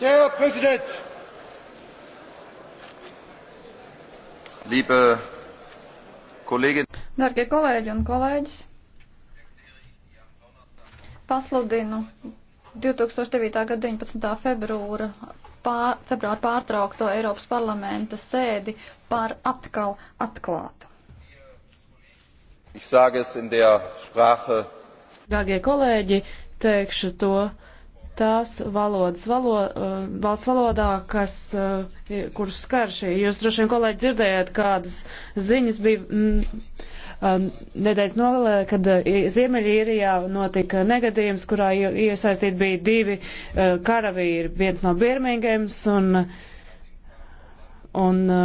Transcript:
Herr Präsident! Liebe Kolleginnen! Darbie kolēģi un kolēģis! Pasludinu 2009. gada 19. februāra pār, februāra pārtraukto Eiropas parlamenta sēdi par atkal atklātu. Ich sage es in der Sprache. Dārgie kolēģi, teikšu to tās valodas, valo, uh, valsts valodā, kas, uh, kurus skar šī. Jūs droši vien, kolēģi, dzirdējāt, kādas ziņas bija mm, uh, nedēļas nogalē, kad Ziemeļīrijā notika negadījums, kurā iesaistīti bija divi karavīri, viens no Birmingems un. un